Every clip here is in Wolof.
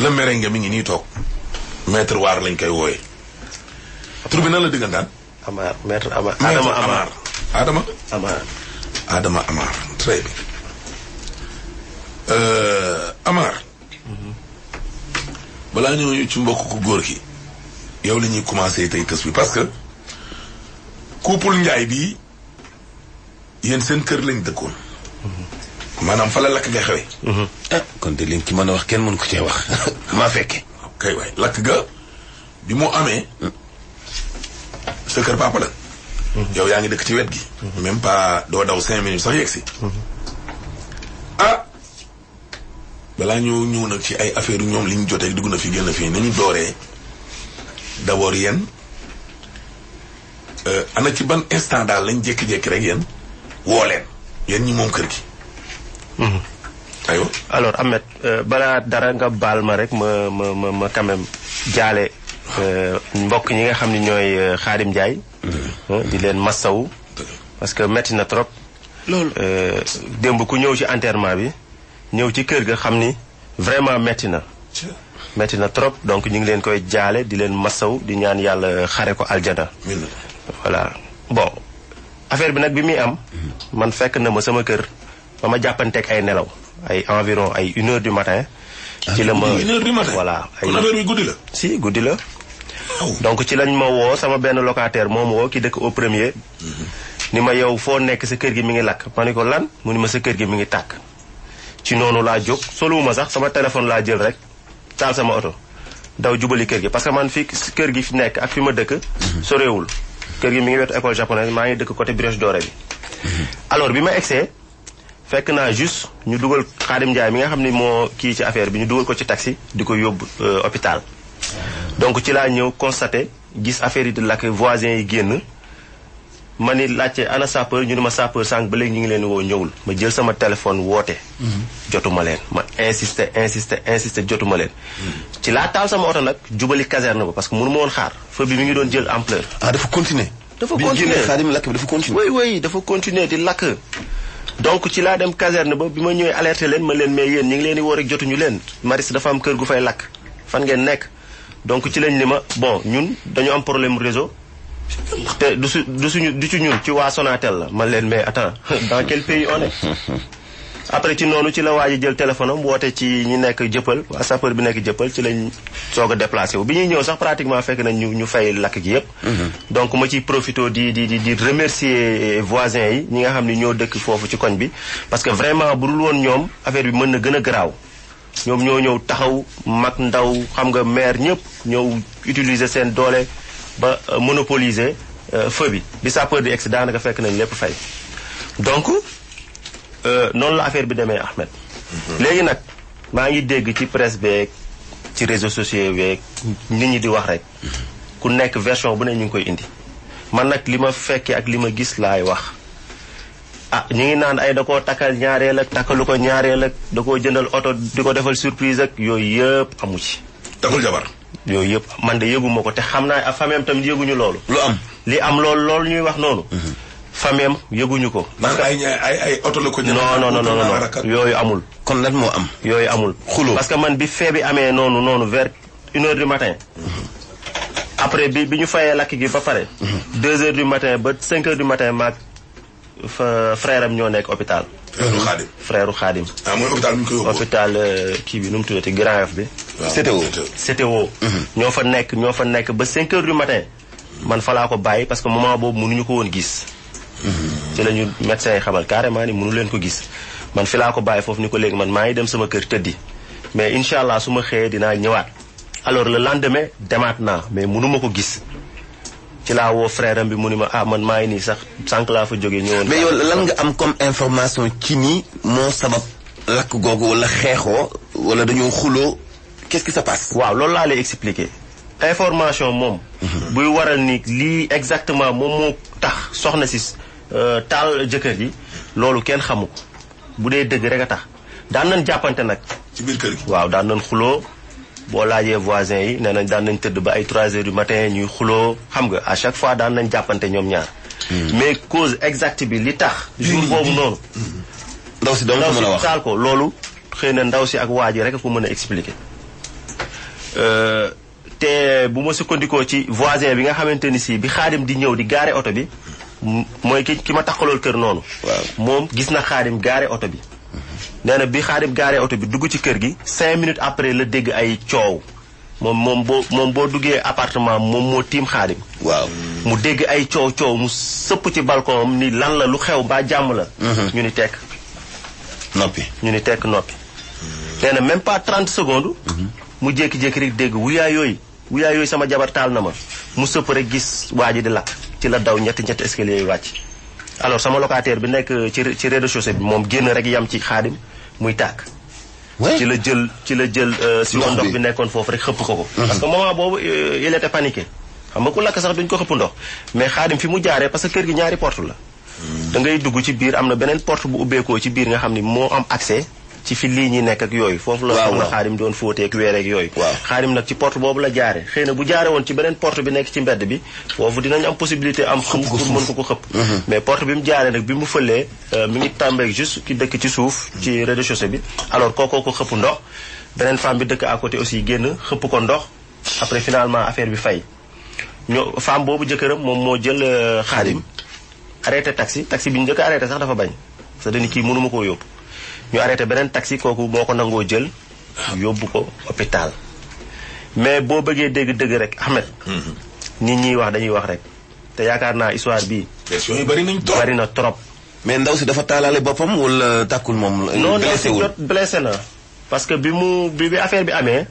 le merengue mi ngi ni tok maître war lañ koy woy tur bi nan la dan amar maître amar adama amar adama amar adama amar très bien euh amar bala ñu ci mbokk ku gor ki yow li ñuy commencé tay tës bi parce que couple ndjay bi yeen seen kër lañ dëkkoon mhm. maanaam fa la lakk nga xewe mhm. ah kon de lim ci mën a wax kenn mënu ko cee wax maa fekke kay waay lakk ga bi mu amee mm. sa kër papa la mhm. yow yaa ngi dëkk ci wet gi mhm. même pas doo daw cinq minutes sax yegg si ah balaa ñoo ñëw nag ci ay affaire ñoom li ñu jotee dugg na fi a fii ni ñu dooree d'abord yéen euh, ana ci ban instant daal lañ jékki-jékki rek yéen woo leen yéen ñi moom kër gi aywa alors Ahmed euh, balaa dara nga baal ma rek ma ma ma ma quand jaale euh, mbokk ñi nga xam ni ñooy Xaadim euh, Njaay mm-hmm. di leen massawu parce que metti na trop loolu démb ku ñëw ci enterrement bi ñëw ci kër nga xam ni vraiment metti na metti na trop donc ñu ngi leen koy jaale di leen massaw di ñaan yàlla xare ko aljana voilà bon affaire bi nag bi muy am mm-hmm. man fekk na ma sama kër ba ma jàppanteeg ay nelaw ay environ ay une heure du matin. ci la ma ah, voilà. ay kon affaire bi guddi la. si guddi la. donc ci lañ ma woo sama benn locataire moom woo ki dëkk au premier. Mhm. ni ma yow foo nekk sa kër gi mi ngi lakk ma ne ko lan mu ni ma sa kër gi mi ngi tàkk. ci noonu laa jóg soluwuma sax sama téléphone laa jël rek taal sama oto daw jubali kër gi parce que man fi kër gi fi nekk ak fi ma dëkk. Mhm. soreewul kër gi mi ngi wetu école japonaise maa ngi dëkk côté Brioche Dorée bi. Mhm. alors bi ma egsee fekk naa juste ñu dugal Xaadim Njaay mi nga xam ni moo kii ci affaire bi ñu dugal ko ci taxi di ko yóbbu euh, hôpital donc ci laa ñëw constaté gis affaire yi di lakk voisins yi génn ma ni laajte ana sapeur ñu ne ma sapeur sànq ba léegi ñu ngi leen woo ñëwul ma jël sama téléphone woote mm-hmm. jotuma leen ma insiste insister insister jotuma leen mm-hmm. ci laa taal sama oto nag jubali caserne ba parce que mënu ma woon xaar feu bi mi ngi doon jël ampleur ah dafa continuer dafa donc ci laa dem caserne ba bi ma ñëwee alerté leen ma leen mais yéen ñi ngi leen di jotuñu leen Maris dafa am kër gu fay lakk fan ngeen nekk donc ci lañ li ma bon ñun dañu am problème réseau te du su du suñu du ci ñun ci waa Sonatel la man leen mais attends dans quel pays on après ci noonu ci la waa jël téléphone am woote ci ñi nekk jëppal waa sapeur bi nekk jëppal ci lañ soog a déplacé wu bi ñuy ñëw sax pratiquement fekk nañ ñu ñu fay lakk gi yépp mm-hmm. donc ma ci profité di di di di remercier voisins yi ñi nga xam ne ñoo dëkk foofu ci koñ bi parce que vraiment bu dul woon ñoom affaire bi mën na gën a garaaw ñoom ñoo ñëw taxaw mag ndaw xam nga maire ñëpp ñëw utiliser seen doole ba euh, monopoliser euh, feu bi bi sapeur di egsi daanaka fekk nañ lépp fay donc Euh, noonu la affaire bi demee Ahmed. Mhm. léegi nag maa ngi dégg ci presse beeg ci réseaux sociaux beeg nit ñi di wax rek. ku nekk version bu ne ñu ngi koy indi. man nag li ma fekkee ak li ma gis laay wax ah ñu ngi naan ay da ko takkal ñaareel ak takkalu ko ñaareel ak da koo jëndal oto di ko defal surprise ak yooyu yëpp amu ci. takkul jabar. yooyu yëpp man de yëgu ko te xam naa famem tamit yëguñu loolu. lu am li am loolu loolu ñuy wax noonu. Mhm. fameem yëguñu ko. maanaam ay oto la ko yooyu amul. kon lan moo am. yooyu amul. xuloo parce que man bi fee bi amee noonu noonu vers une heure du matin. après bi bi ñu fayee lakk gi ba pare. Mhm. deux heures du matin ba cinq heures du matin maag fa ñoo nekk hôpital. frère u Xaadim. frère Xaadim. Ah, hôpital euh, kii bi nu mu tuddati Grand Yoff bi. waaw CTO CTO. Mhm. ñoo fa nekk ñoo fa nekk ba cinq heures du matin. man fa laa ko bàyyi parce que moment boobu mënuñu ko woon gis. ci la ñu médecin yi xamal carrément ni mënu leen ko gis man fi laa ko bàyyi foofu ni ko léegi man maa ngi dem sama kër tëddi mais incha allah su ma xëyee dinaa ñëwaat alors le lendemain demaat naa mais mënuma ko gis ci laa woo frère bi mu ni ma ah man maa ngi nii sax sànq laa fa jóge ñëwoon. mais yow lan nga am comme information ci nii moo sabab lakk googu wala xeexoo wala dañoo xuloo qu'est-ce qui se waaw loolu laa lay expliquer information moom. Mhm. buy waral ni lii exactement moom moo tax soxna si Euh, taal jëkkër ji loolu kenn xamu ko bu dee dëgg rek a tax daan nañ jàppante nag. ci biir kër waaw daan nañ xuloo boo laajee voisins yi nee nañ daan nañ tëdd ba ay 3 heures du matin ñuy xuloo xam nga à chaque fois daan nañ jàppante ñoom ñaar. Hmm. mais cause exacte bi li tax. jour boobu noonu. Hmm. ndaw si dama ko mën a wax taal ko loolu. xëy na ndaw si ak waa ji rek a ko mën a expliquer. Euh, te bu ma sukkandikoo ci voisin bi nga xamante ni si bi xaadim di ñëw di gaare oto bi. mooy ki ki ma taxalool kër noonu. moom gis na xaadim gaare oto bi. nee na bi xaadim gaare oto bi dugg ci kër gi. cinq minutes après la dégg ay coow. moom moom boo moom boo duggee appartement moom moo tiim xaadim. waaw mu dégg ay coow coow mu sëpp ci balkon am ni lan la lu xew mbaa jàmm la. Mhm. ñu ni tekk. noppi ñu ni tekk noppi. nee na même pas 30 secondes. Mhm. mu jékki-jékki rek dégg wuyaay yooyu wuyaay yooyu sama jabar taal na ma mu sëpp rek gis waa ji di lakk. ci la daw ñetti ñett escalier yi wàcc alors sama locataire bi nekk ci ci rez de bi moom génn rek yam ci xaadim muy tàkk ci la jël ci la jël si euh, woon ndox bi nekkoon foofu rek xëpp ko ko mhm. parce que moment boobu euh, il était paniqué xam nga ku lakk sax duñ ko xëpp ndox mais xaadim fi mu jaaree parce que kër gi ñaari port la mhm. da ngay dugg ci biir am na beneen porte bu ubbeekoo ci biir nga xam ni moo am accès ci fi lii ñi nekk ak yooyu foofu la xam na xaadim doon fóotee ak weer ak yooyu xaadim nag ci porte boobu la jaare xëy na bu jaare woon ci beneen porte bi nekk ci mbedd bi foofu dinañ am possibilité am xëpp pour mën ko ko xëpp mm-hmm. mais porte bi mu jaaree nag bi mu fëlee euh, mi ngi ki dëkk ci suuf ci rez de bi alors kookoo ko xëpp ndox beneen femme bi dëkk à aussi génn xëpp ko ndox après finalement affaire bi fay ñoo femme boobu jëkkëram moom moo jël euh, xaadim mm-hmm. arrêté taxi taxi bi ñu njëkk arrêté sax dafa bañ sa dani kii mënuma koo yóbbu ñu arrêté beneen taxi kooku moo ko nangoo jël yóbbu ko hôpital mais boo bëggee dégg dëgg rek Ahmed mhm. nit ñiy wax dañuy wax rek te yaakaar naa histoire bii bari nañ trop na trop mais ndaw si dafa taalaale boppam wala takkul moom euh, non ndaw si jot blessé na parce que bi mu bi bi affaire bi amee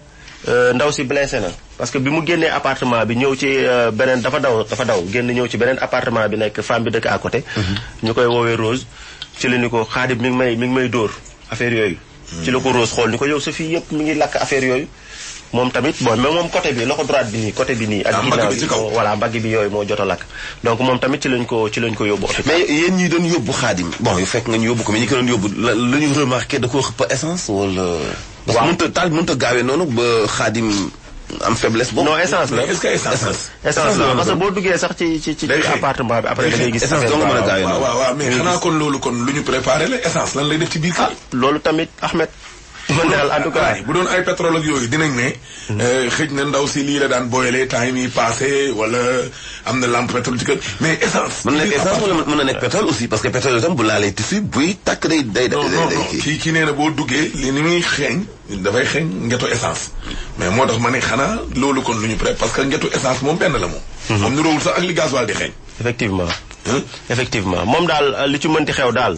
euh, ndaw si blessé na parce que bi mu génnee appartement bi ñëw ci euh, beneen dafa daw dafa daw génn ñëw ci beneen appartement bi nekk femme bi dëkk à mhm. ñu koy woowee Rose ci la ni ko xaadim mi ngi may mi ngi may dóor affaire yooyu. Hmm. ci la ko Rose xool ni ko yow sa fii yëpp mi ngi lakk affaire yooyu. moom tamit bon mais moom côté bi loxo bi nii côté bi ah, moo jot lakk. donc moom tamit ci lañ ko ci lañ ko yóbbu. mais yéen ñi doon yóbbu xaadim bon yu fekk nga ñu yóbbu ko mais ñi ko doon yóbbu la la da koo xëpp essence wala. waaw a taal mënut gaawee noonu ba xaadim am faiblesse boobu. non essence la est-ce que essence la. essence la parce que boo duggee sax ci ci ci appartement bi après da ngay gis. essence dong mën a gaawee waaw waaw mais xanaa kon loolu kon lu ñu préparé la essence lan lay def ci biir kër. Ah, loolu tamit Ahmed. en tout cas bu doon ay pétrole ak yooyu dinañ ne. Euh, xëj na ndaw si lii la daan booyalee temps yi muy passé wala am na lamp pétrole ci kër mais essence. na nekk essence wala mën aussi parce que pétrole itam bu laalee tissu buy tàkk day day day. non boo duggee li ni muy xeeñ. dafay xeeñ ngetu essence. mais moo tax ma ne xanaa loolu kon lu ñu pré parce que ngetu essence moom benn la moom. Mhm. am na roowul sax ak li gasoil di xeeñ. effectivement. moom daal li ci mënti xew daal.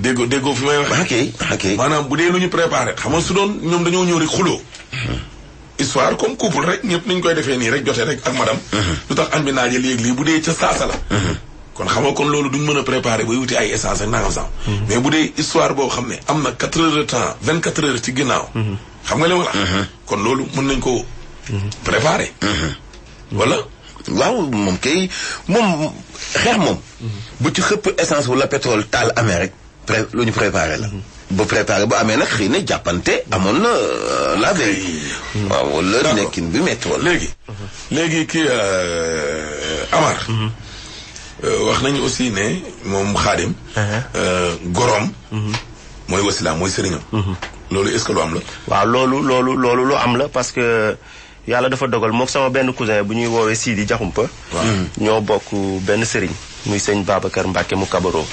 déggoo déggoo fi may waxee. ok ah, ok ah, maanaam bu dee lu ñu préparé xam nga su doon ñoom dañoo ñëw rek xuloo. Mm-hmm. histoire comme couple rek ñëpp ni ñu koy defee nii rek jotee rek ak madame. Mm-hmm. lu tax am bi naaje léegi lii bu dee ca saasa mm-hmm. kon xam nga kon loolu duñ mën a préparé bay wuti ay essence ak nangam sax. mais bu histoire boo xam ne am na quatre heures de temps vingt quatre heures ci ginnaaw. xam nga li ma la. kon loolu mën nañ ko préparé. wala. waaw moom kay moom xeex moom. bu ci xëpp essence wala pétrole taal amee rek. pré lu ñu préparé la. Mhm. bu préparé bu amee nag xëy na jàppante amoon na euh, laa veille. Mhm. waaw wala nekkin bi métti léegi léegi kii euh, Amar. Mhm. Euh, wax nañu aussi ne moom xaadim. Uh-huh. goroom. mooy wasilaam mooy sëriñam. loolu est lu am la. waaw loolu loolu lu am la parce que yàlla dafa dogal mook sama benn cousin bu ñuy woowee Sidi Jaxumpa. ñoo bokk benn sëriñ. muy sëñ Babacar mbàkke mu kabaroo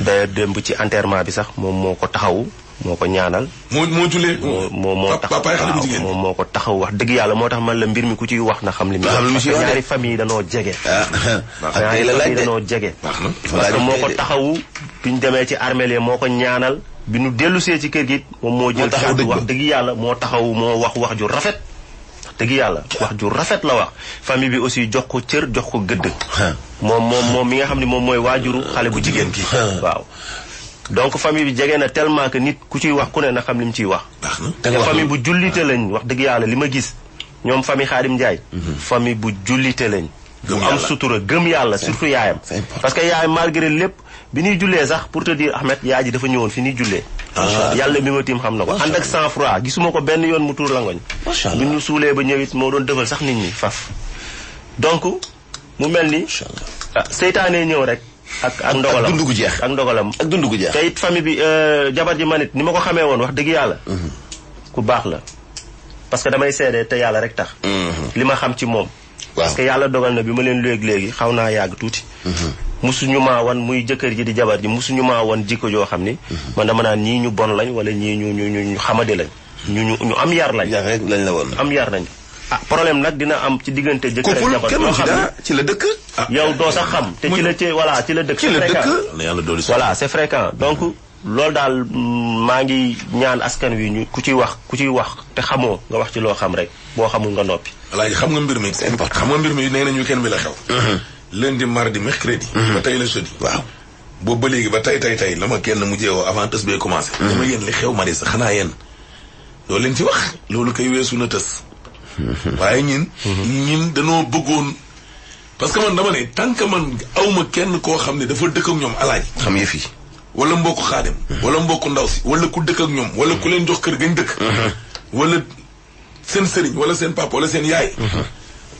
da démb ci enterrement bi sax moom moo ko taxaw moo ko ñaanal. moo moo jullee. moo moo taxaw waaw moo ko taxaw wax dëgg yàlla moo tax man la mbir mi ku ciy wax na xam li. waaw lu si ñaari famille danoo jege. ah ñaari ah. famille danoo jege. parce que moo ko taxawu bi ñu demee ci armeel moo ko ñaanal bi ñu dellusee ci kër gi moom moo jël kàddu wax dëgg yàlla moo taxaw moo wax wax ju rafet. dëgg yàlla wax jur rafet la wax famille bi aussi jox ko cër jox ko gëdd moom moom moom mi nga xam ne moom mooy waajuru xale bu jigéen gi waaw donc famille bi jege na tellement que nit ku ciy wax ku ne na xam li mu ciy wax te famille bu jullite lañ wax dëgg yàlla li ma gis ñoom famille Xaadim Njaay mhm. famille bu jullite lañ bu am sutura gëm yàlla surtout yaayam parce que yaayam malgré lépp bi ñuy jullee sax pour te dire Ahmed yaay ji dafa ñëwoon fi ñuy jullee yàlla bi ma tiim xam na ko ànd ak sang froid ah. gisuma ko benn yoon mu tuur langoñ bi ñu suulee ba ñëwit moo doon dëfal sax nit ñi faf donc mu mel ni ah, seytaanee ñëw rek ak ak ndogalam ak dundu gu jeex ak ndogalam ak dundu gu famille bi euh, jabar ji ma manit ni ma ko xamee woon wax dëgg yàlla mhm. ku baax la parce que damay seede te yàlla rek tax mhm. li ma xam ci moom parce que yàlla dogal na bi ma leen léeg léegi xaw naa yàgg tuuti mhm. musuñu maa wan muy jëkkër ji di jabar ji musuñu maa wan jikko joo xam ni mhm. man dama naan ñii ñu bon lañ wala ñii ñu ñu ñu xamadi lañ ñu ñu ñu am yar lañ lañ la woon am yar lañ ah. ah problème nag dina am ci diggante jëkkër ak jabar doo xam ne ci la dëkk ah. yow doo sax xam te ci la voilà ci la dëkk c'est fréquent voilà c'est fréquent donc mhm. loolu daal mm, maa ngi ñaan askan wi ñu ku ciy wax ku ciy wax te xamoo nga wax ci loo xam rek boo xamul nga noppi. walaay xam nga mbir mi c'est important xam nga mbir mi nee ñu kenn bi la xew mhm. lundi mardi mercredi. Mhm. ba tey la jeudi. waaw boobu ba léegi ba tey tey tey la ma kenn mujjee woo avant tës bee commencé. Mhm. dama yéen li xew Marisa xanaa yéen. loolu leen ci wax loolu kay weesu na tës. Mhm. waaye ñiin ñin danoo bëggoon. parce que man dama ne tant que man awma kenn koo xam ne dafa dëkk ak ñoom alaaj xam nga fii wala mbokk xaadim wala mbokk ndaw si wala ku dëkk ak ñoom wala ku leen jox kër gañ dëkk. wala seen sëriñ wala seen papa wala seen yaay.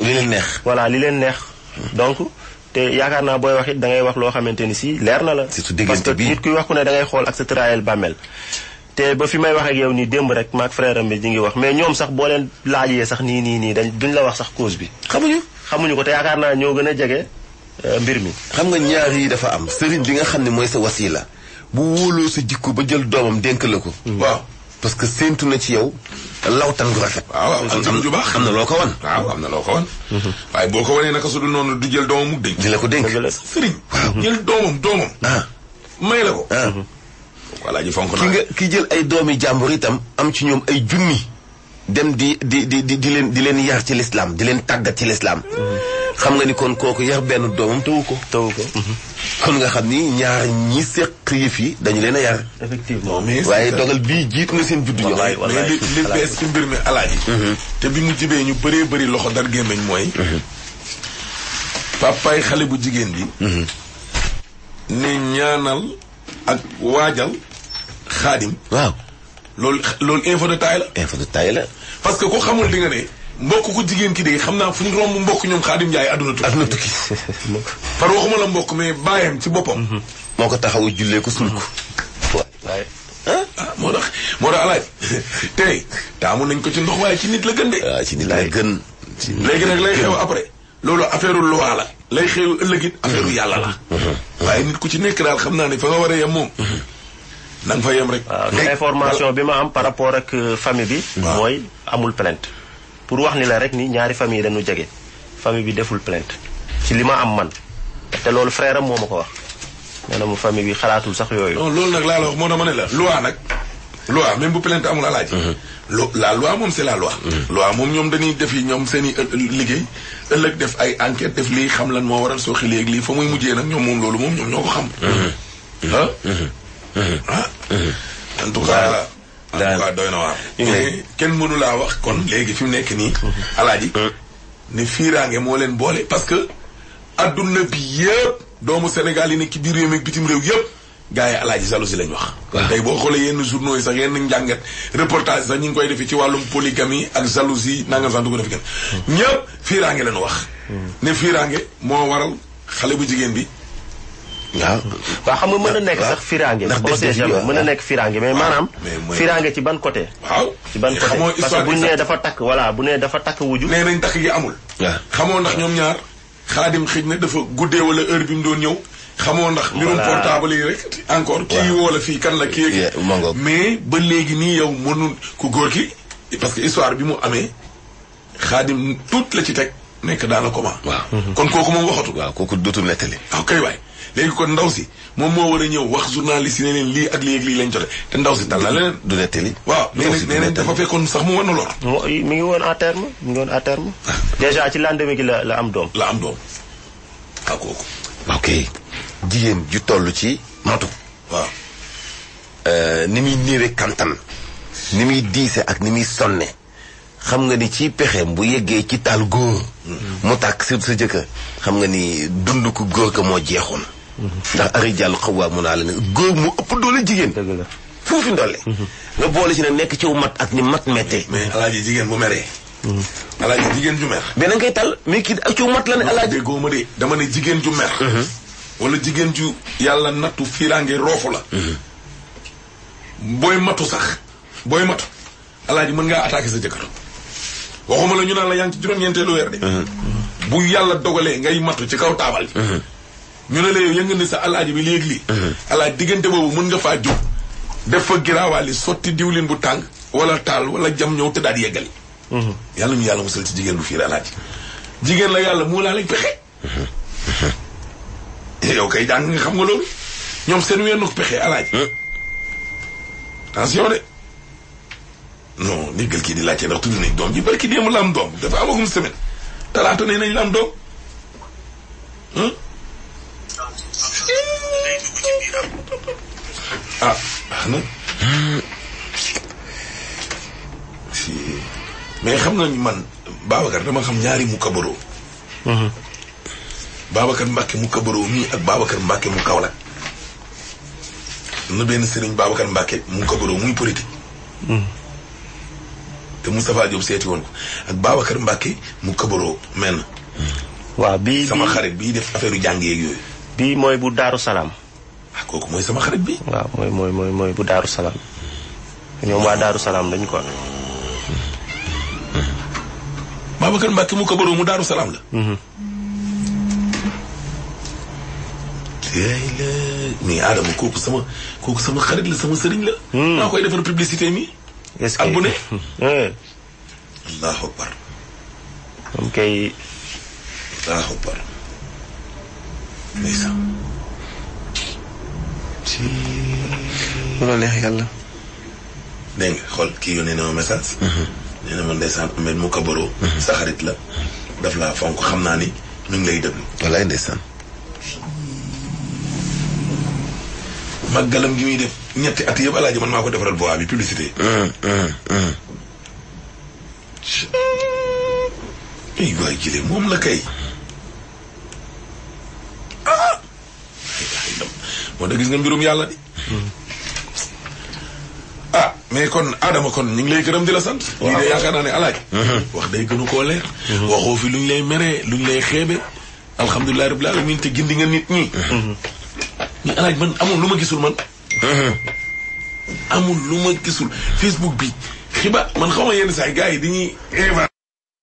li leen neex. voilà li leen neex donc te yaakaar naa booy wax it da ngay wax loo xamante ni si leer na la. surtout diggante bi parce que nit ne da xool ak sa tëraayal bàmmeel. te ba fi may wax ak yow nii démb rek maak frère am bi ñu ngi wax mais ñoom sax boo leen laaj laajee sax nii nii nii dañ duñ la wax sax cause bi. xamuñu xamuñu ko te yaakaar naa ñoo gën a jege euh, mbir mi. xam nga ñaar yi dafa am sëriñ bi nga xam ne mooy sa wasila bu wóoloo sa jikko ba jël doomam dénk la ko. Mm. waaw parce que séentu na ci yow lawtan gu rafet. waaw am na loo ko wan. waaw am na loo ko wan. Mhm. waaye boo ko wanee naka su dul noonu du jël doomam mu dénk. di la ko dénk sëriñ. waaw jël doomam doomam. Ah. may la ko. voilà ah. ji fonk naa ki nga ki jël ay doomi jàmbur itam am ci ñoom ay junni. dem di di di di leen di leen yar ci lislaam di leen tàggat ci lislaam mhm. xam nga ni kon kooku yar benn doomam tawu ko. tawu ko. Mhm. kon nga xam ni ñaar ñi seq yëf yi dañu leen a yar. effectivement waaye dogal bii jiit na seen juddu jox. wallaay wallaay li bees mhm. te bi mu jibee ñu bëree bëri loxo dar gémmiñ mooy. Mhm. papaay xale bu jigéen bi. ne ñaanal ak waajal xaadim. waaw loolu loolu info de taille info de taille parce que ku xamul li nga ne. mbokk ku jigéen ki de xam naa fu ñu romb mbokk ñoom Xaadim Njaay àdduna tukki. àdduna tukki. par waxuma la mbokk mais bàyyam ci boppam. Mm-hmm. moo ko taxawu jullee ko sulku. Mm-hmm. waaye ah, ah moo tax moo tax alaaj tey taamu nañ ko ci ndox waaye ci nit la gën de. waaw ah, ci nit la gën. léegi nag lay xew après loolu affaire loi la. lay xew ëllëg it affaire mm-hmm. yàlla la. waaye nit ku ci nekk daal xam naa ne fa nga war a yem moom. na nga fa yem rek. Ah, information bi ma am par rapport ak euh, famille bi. mooy amul plainte. pour wax ni la rek nii ñaari famille dañu jege famille bi deful plainte ci li ma am man te loolu frère am moo ma ko wax nee na mu famille bi xalaatul sax yooyu. non loolu nag laa la wax moo tax ma ne la loi nag. loi même bu plainte amul alaaji. Mhm. lo la loi moom c'est la wax mhm. loi moom ñoom dañuy def yi ñoom seen i euh, euh, liggéey ëllëg def ay enquête def lii xam lan moo waral soo xi léegi lii fa muy mujjee nag ñoom moom loolu moom ñoom ñoo ko xam. Mhm. ah. ah? en tout daal waaw doy na waar. kenn mënu laa wax kon léegi fi mu nekk nii. alaaji euh. ne fiiraange moo leen boole parce que adduna bi yëpp doomu Sénégal yi nekk ci biir réew mi bitim réew yëpp gars yi alaaji jalousie lañ wax. waaw tey boo xoolee yenn journaux yi sax yenn njàngat reportage sax ñu ngi koy defee ci wàllum polygamie ak jalousie nangam sax du ko def kenn. Hmm. ñëpp fiiraange lañ wax. Hmm. ne fiiraange moo waral xale bu jigéen bi. waaw waaw xam nga mën na nekk sax firange on sait mën na nekk firange mais ah, maanaam firange ci ban côté waaw ci ban côté parce que bu nee dafa takk voilà bu nee dafa takk wuju nee nañ takk yi amul xamoo ndax ñoom ñaar xaadim xëj na dafa guddee wala heure bi mu doon ñëw xamoo ndax mbirum portable yi rek encore kii wala fii kan la kii ak mais ba léegi nii yow nu ku góor ki parce que histoire bi mu amee xaadim tuut la ci teg nekk daana comment waaw kon kooku moom waxatu waaw kooku dootul nettali waaw kay waay léegi kon ndaw si moom moo war a ñëw wax journaliste yi ne leen lii ak lii ak lii lañ jote te ndaw si tal la leneen du nettali waaw nee nañ dafa fekkoon sax mu war na lor mi ngi woon à terme mi ngi woon à terme déjà ci lendemain gi la la am doom la am doom waaw ah, kooku ok jigéen ju toll ci matu waaw euh, ni muy niire kantan ni muy diise ak ni muy sonne xam nga ni ci pexe bu yeggee ci taal góor mm-hmm. mu tàkk sa sa jëkkër xam nga ni dund ku góor ka moo jeexoon ndax ari jàllu xawwaamun ala ne góor moo ëpp doole jigéen foofu ndolle mhm. nga boole si nag nekk ci wu mat ak ni mat mettee mais alaaji jigéen bu meree mhm. alaaji jigéen ju mer mais na ngay tal mais kii ak ci wu la ne alaaji déggoo ma de jigéen ju mer mhm. wala jigéen ju yàlla nattu fiiraange roofu la booy matu sax booy matu alaaji mën ngaa attaqué sa jëkkër waxuma la ñu naan la yaa ci juróom-ñeenteelu weer de bu yàlla dogalee ngay matu ci kaw taabal ji ñu ne la yow sa alaaji bi léegi lii. Mhm. alaaji diggante boobu mën nga faa jóg. def fa giraawaali sotti diwlin bu tàng wala taal wala jam ñëw te daal yeggali. Mhm. yàlla ñu yàlla musal ci jigéen bu fiir alaaji. jigéen yàlla mu laa lañ pexe. Mhm. xam nga loolu seen weenu pexe alaaji. attention de. non néggal kii di laajte ndax tudd nañ doom ji barki démb la am doom dafa amagum semaine talaata ne nañ la am doom. Hmm? ah baax na. si mais xam nañu man Babacar dama xam ñaari mu kabaroo. Mhm. Babacar Mbacke mu kabaroo mii ak Babacar Mbacke mu Kaolack. am na benn sëriñ Babacar Mbacke mu kabaroo muy politique. Mhm. te Moustapha Diop seeti woon ko ak Babacar Mbacke mu kabaroo mel waaw bii sama xarit bii def affaire jàng yeeg yooyu. bii mooy bu Daaru Salaam. ah kooku mooy sama xarit bi waaw mooy mooy mooy mooy bu daru salam ñoom waa daaru salaam lañ quoi babacar mbàkke mu ko bëroo mu daaru salam la yaay la mais adama kooku sama kooku sama xarit la sama sëriñ la naa koy defal publicité mi ak ne allahu akbar moom allahu akbar ndeysaan si lu yàlla. dégg xool kii ne na ma message. Mhm. nee na ma ndeysaan Ahmed mu kabaroo. Mhm. sa xarit la. daf laa fonk xam naa ni mi ngi lay déglu. wallaay ndeysaan. màggalam gi muy def ñetti at yëpp alaaji man maa ko defaral voix bi publicité. ay mhm, waay jile moom la kay. moo tax gis nga mbirum yàlla di ah, mais kon Adama kon ñu ngi lay gërëm di sant. waaw yaakaar naa ne alaaj mhm. mhm. luñ lay meree luñ lay xeebe. alhamdulilah rabbil mhm. man amul lu ma gisul man. lu ma gisul Facebook bi xibaar man xaw ma yenn saa yi gars yi dañuy.